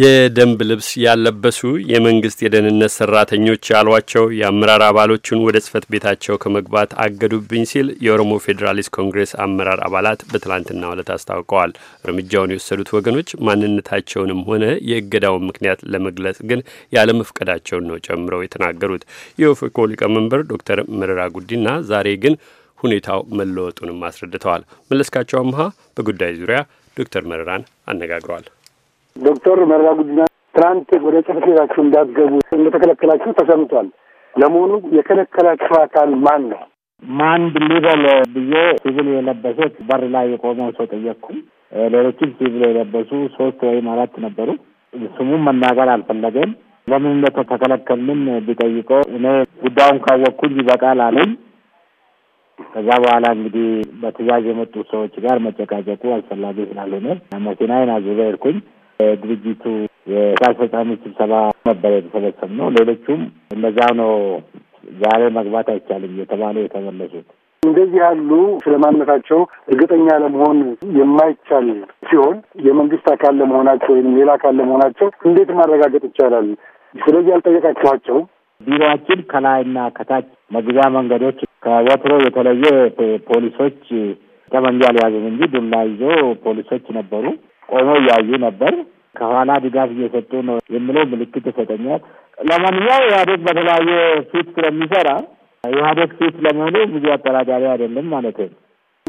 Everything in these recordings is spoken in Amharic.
የደንብ ልብስ ያለበሱ የመንግስት የደህንነት ሰራተኞች ያሏቸው የአመራር አባሎቹን ወደ ጽህፈት ቤታቸው ከመግባት አገዱብኝ ሲል የኦሮሞ ፌዴራሊስት ኮንግሬስ አመራር አባላት በትላንትና ዕለት አስታውቀዋል። እርምጃውን የወሰዱት ወገኖች ማንነታቸውንም ሆነ የእገዳውን ምክንያት ለመግለጽ ግን ያለመፍቀዳቸውን ነው ጨምረው የተናገሩት። የኦፌኮ ሊቀመንበር ዶክተር መረራ ጉዲና ዛሬ ግን ሁኔታው መለወጡንም አስረድተዋል። መለስካቸው አምሃ በጉዳይ ዙሪያ ዶክተር መረራን አነጋግሯል። ዶክተር መረራ ጉዲና ትናንት ወደ ጽሕፈት ቤታችሁ እንዳትገቡ እንደተከለከላችሁ ተሰምቷል። ለመሆኑ የከለከላችሁ አካል ማን ነው? ማን ብሊበል ብዬ ሲቪል የለበሰት በር ላይ የቆመው ሰው ጠየቅኩም። ሌሎችም ሲቪል የለበሱ ሶስት ወይም አራት ነበሩ። ስሙም መናገር አልፈለገም። ለምን እንደተከለከልንም ቢጠይቀው እኔ ጉዳዩን ካወቅኩኝ ይበቃል አለኝ። ከዛ በኋላ እንግዲህ በትዕዛዝ የመጡ ሰዎች ጋር መጨቃጨቁ አስፈላጊ ስላልሆነ መኪናዬን አዙሬ ሄድኩኝ። ድርጅቱ የቃል ፈጻሚ ስብሰባ ነበር የተሰበሰብ ነው። ሌሎቹም እነዛ ነው። ዛሬ መግባት አይቻልም የተባለው የተመለሱት እንደዚህ ያሉ ስለማንነታቸው እርግጠኛ ለመሆን የማይቻል ሲሆን የመንግስት አካል ለመሆናቸው ወይም ሌላ አካል ለመሆናቸው እንዴት ማረጋገጥ ይቻላል? ስለዚህ ያልጠየቃችኋቸው ቢሮአችን ከላይና ከታች መግቢያ መንገዶች ከወትሮ የተለየ ፖሊሶች ጠመንጃ ሊያዙም እንጂ ዱላ ይዞ ፖሊሶች ነበሩ። ቆሞ እያዩ ነበር። ከኋላ ድጋፍ እየሰጡ ነው የሚለው ምልክት ይሰጠኛል። ለማንኛውም ኢህአዴግ በተለያየ ፊት ስለሚሰራ ኢህአዴግ ፊት ለመሆኑ ብዙ አጠራጣሪ አይደለም ማለት ነው።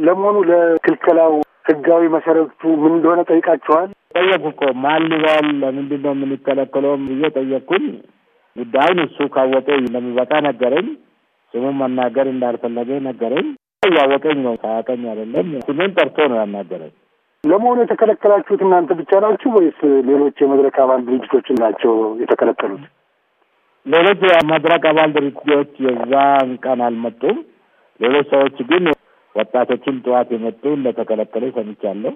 ለመሆኑ ለክልከላው ህጋዊ መሰረቱ ምን እንደሆነ ጠይቃችኋል? ጠየቁ እኮ ማን ልበል ለምንድን ነው የምንከለከለውም ብዬ ጠየቅኩኝ። ጉዳዩን እሱ ካወቀ ለሚበቃ ነገረኝ። ስሙን መናገር እንዳልፈለገ ነገረኝ። እያወቀኝ ነው ሳያቀኝ አይደለም። ስሜን ጠርቶ ነው ያናገረኝ። ለመሆኑ የተከለከላችሁት እናንተ ብቻ ናችሁ ወይስ ሌሎች የመድረክ አባል ድርጅቶች ናቸው የተከለከሉት? ሌሎች የመድረክ አባል ድርጅቶች የዛን ቀን አልመጡም። ሌሎች ሰዎች ግን ወጣቶችን ጠዋት የመጡ እንደተከለከሉ ሰምቻለሁ።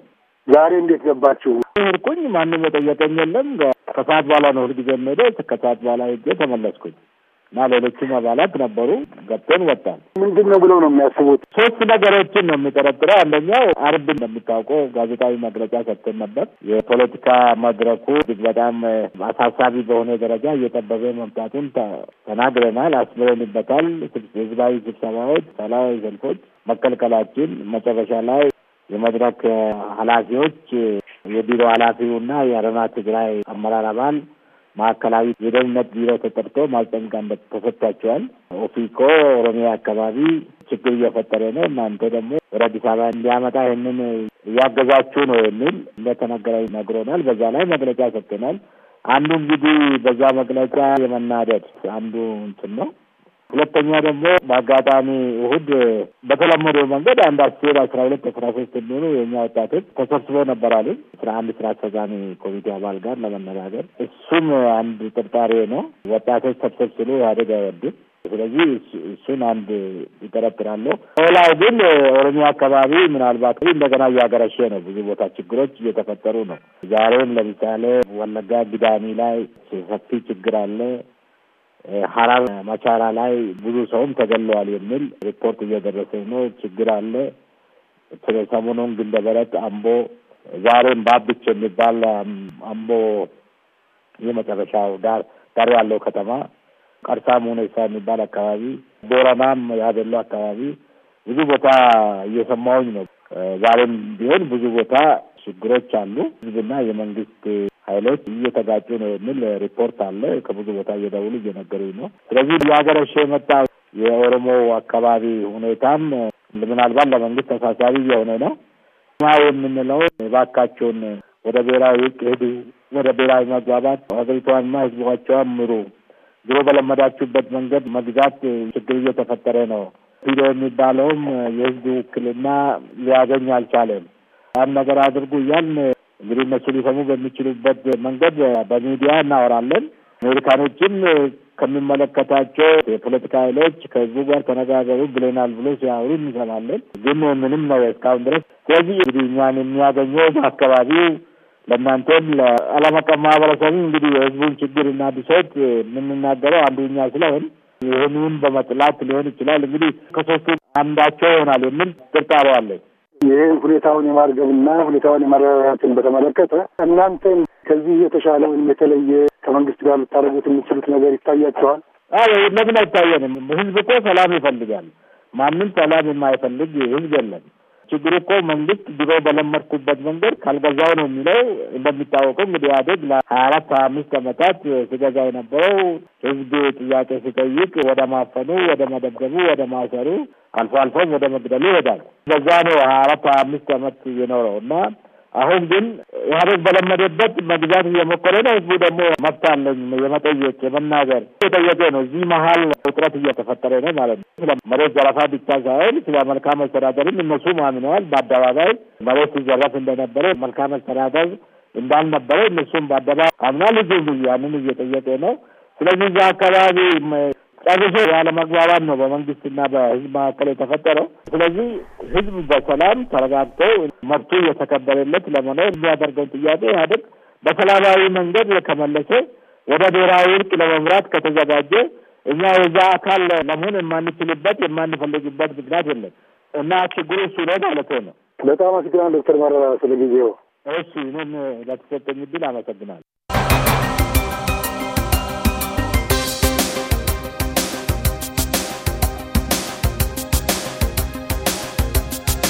ዛሬ እንዴት ገባችሁ? ሄድኩኝ። ማንም የጠየቀኝ የለም። ከሰዓት በኋላ ነው ሁልጊዜ የምሄደው። ከሰዓት በኋላ ሄጄ ተመለስኩኝ። እና ሌሎችም አባላት ነበሩ። ገብተን ወጣል። ምንድን ነው ብለው ነው የሚያስቡት? ሶስት ነገሮችን ነው የሚጠረጥረው። አንደኛው አርብ እንደሚታወቀው ጋዜጣዊ መግለጫ ሰጥተን ነበር። የፖለቲካ መድረኩ እጅግ በጣም አሳሳቢ በሆነ ደረጃ እየጠበበ መምጣቱን ተናግረናል፣ አስምረንበታል። ህዝባዊ ስብሰባዎች፣ ሰላማዊ ሰልፎች መከልከላችን መጨረሻ ላይ የመድረክ ኃላፊዎች የቢሮ ኃላፊውና የአረና ትግራይ አመራር አባል ማዕከላዊ የደህንነት ቢሮ ተጠርቶ ማስጠንቀቂያ ተሰጥቷቸዋል። ኦፊኮ ኦሮሚያ አካባቢ ችግር እየፈጠረ ነው፣ እናንተ ደግሞ ወደ አዲስ አበባ እንዲያመጣ ይህንን እያገዛችሁ ነው የሚል እንደተነገረ ነግሮናል። በዛ ላይ መግለጫ ሰጥተናል። አንዱ እንግዲህ በዛ መግለጫ የመናደድ አንዱ እንትን ነው ሁለተኛ ደግሞ በአጋጣሚ እሁድ በተለመደው መንገድ አንዳቸው አስር አስራ ሁለት አስራ ሶስት የሚሆኑ የኛ ወጣቶች ተሰብስበው ነበራሉ ስራ አንድ ስራ አስፈጻሚ ኮሚቴ አባል ጋር ለመነጋገር እሱም አንድ ጥርጣሬ ነው። ወጣቶች ሰብሰብ ስሉ ኢህአዴግ አይወድም። ስለዚህ እሱን አንድ ይጠረጥራለሁ። ሌላው ግን ኦሮሚያ አካባቢ ምናልባት እንደገና እያገረሸ ነው። ብዙ ቦታ ችግሮች እየተፈጠሩ ነው። ዛሬም ለምሳሌ ወለጋ ግዳሚ ላይ ሰፊ ችግር አለ። ሀራር ማቻራ ላይ ብዙ ሰውም ተገለዋል የሚል ሪፖርት እየደረሰ ነው። ችግር አለ። ሰሞኑን ግንደበረት፣ አምቦ፣ ዛሬም ባብች የሚባል አምቦ የመጨረሻው ዳር ዳር ያለው ከተማ ቀርሳም ሁኔሳ የሚባል አካባቢ፣ ቦረናም ያደለው አካባቢ ብዙ ቦታ እየሰማውኝ ነው። ዛሬም ቢሆን ብዙ ቦታ ችግሮች አሉ። ህዝብና የመንግስት ኃይሎች እየተጋጩ ነው የሚል ሪፖርት አለ። ከብዙ ቦታ እየደውሉ እየነገሩኝ ነው። ስለዚህ እያገረሸ የመጣ የኦሮሞ አካባቢ ሁኔታም ምናልባት ለመንግስት ተሳሳቢ እየሆነ ነው። ማ የምንለው ባካቸውን ወደ ብሔራዊ ውቅ ሄዱ፣ ወደ ብሔራዊ መግባባት ሀገሪቷንና ህዝቦቿን ምሩ። ድሮ በለመዳችሁበት መንገድ መግዛት ችግር እየተፈጠረ ነው። ፒዶ የሚባለውም የህዝብ ውክልና ሊያገኝ አልቻለም። ያን ነገር አድርጉ እያልን እንግዲህ እነሱ ሊሰሙ በሚችሉበት መንገድ በሚዲያ እናወራለን። አሜሪካኖችም ከሚመለከታቸው የፖለቲካ ኃይሎች ከህዝቡ ጋር ተነጋገሩ ብለናል ብሎ ሲያወሩ እንሰማለን። ግን ምንም ነው እስካሁን ድረስ። ስለዚህ እንግዲህ እኛን የሚያገኘው በአካባቢው ለእናንተም ለዓለም አቀፍ ማህበረሰቡ እንግዲህ የህዝቡን ችግር እና ብሶት የምንናገረው አንዱ እኛ ስለሆን ይህንን በመጥላት ሊሆን ይችላል። እንግዲህ ከሶስቱ አንዳቸው ይሆናል የምል ጥርጣሬ አለኝ። ይህ ሁኔታውን የማርገብና ሁኔታውን የማረራራትን በተመለከተ እናንተ ከዚህ የተሻለ ወይም የተለየ ከመንግስት ጋር ልታደርጉት የምችሉት ነገር ይታያቸዋል? አዎ ለምን አይታየንም? ህዝብ እኮ ሰላም ይፈልጋል። ማንም ሰላም የማይፈልግ ህዝብ የለም። ችግሩ እኮ መንግስት ድሮ በለመድኩበት መንገድ ካልገዛው ነው የሚለው። እንደሚታወቀው እንግዲህ ኢህአዴግ ለሀያ አራት ሀያ አምስት ዓመታት ሲገዛ የነበረው ህዝብ ጥያቄ ሲጠይቅ ወደ ማፈኑ፣ ወደ መደብደቡ፣ ወደ ማሰሩ አልፎ አልፎም ወደ መግደሉ ይሄዳል። በዛ ነው ሀያ አራት ሀያ አምስት ዓመት የኖረው እና አሁን ግን ኢህአዴግ በለመደበት መግዛት እየሞከረ ነው። ህዝቡ ደግሞ መብት አለኝ የመጠየቅ የመናገር የጠየቀ ነው። እዚህ መሀል ውጥረት እየተፈጠረ ነው ማለት ነው። ስለ መሬት ዘረፋ ብቻ ሳይሆን ስለ መልካም መስተዳደርም እነሱ ማምነዋል። በአደባባይ መሬት ሲዘረፍ እንደነበረ መልካም መስተዳደር እንዳልነበረ እነሱም በአደባባይ አምናል። ያንን እየጠየቀ ነው። ስለዚህ እዛ አካባቢ ጨርሶ ያለመግባባት ነው በመንግስትና በህዝብ መካከል የተፈጠረው። ስለዚህ ህዝብ በሰላም ተረጋግቶ መብቱ እየተከበረለት ለመኖር የሚያደርገውን ጥያቄ ኢህአዴግ በሰላማዊ መንገድ ከመለሰ ወደ ብሔራዊ እርቅ ለመምራት ከተዘጋጀ እኛ የዛ አካል ለመሆን የማንችልበት የማንፈልግበት ምክንያት የለም እና ችግሩ እሱ ነው ማለት ነው። በጣም አመሰግናለሁ ዶክተር መረራ ስለ ጊዜው። እሺ ለተሰጠኝ ዕድል አመሰግናለሁ።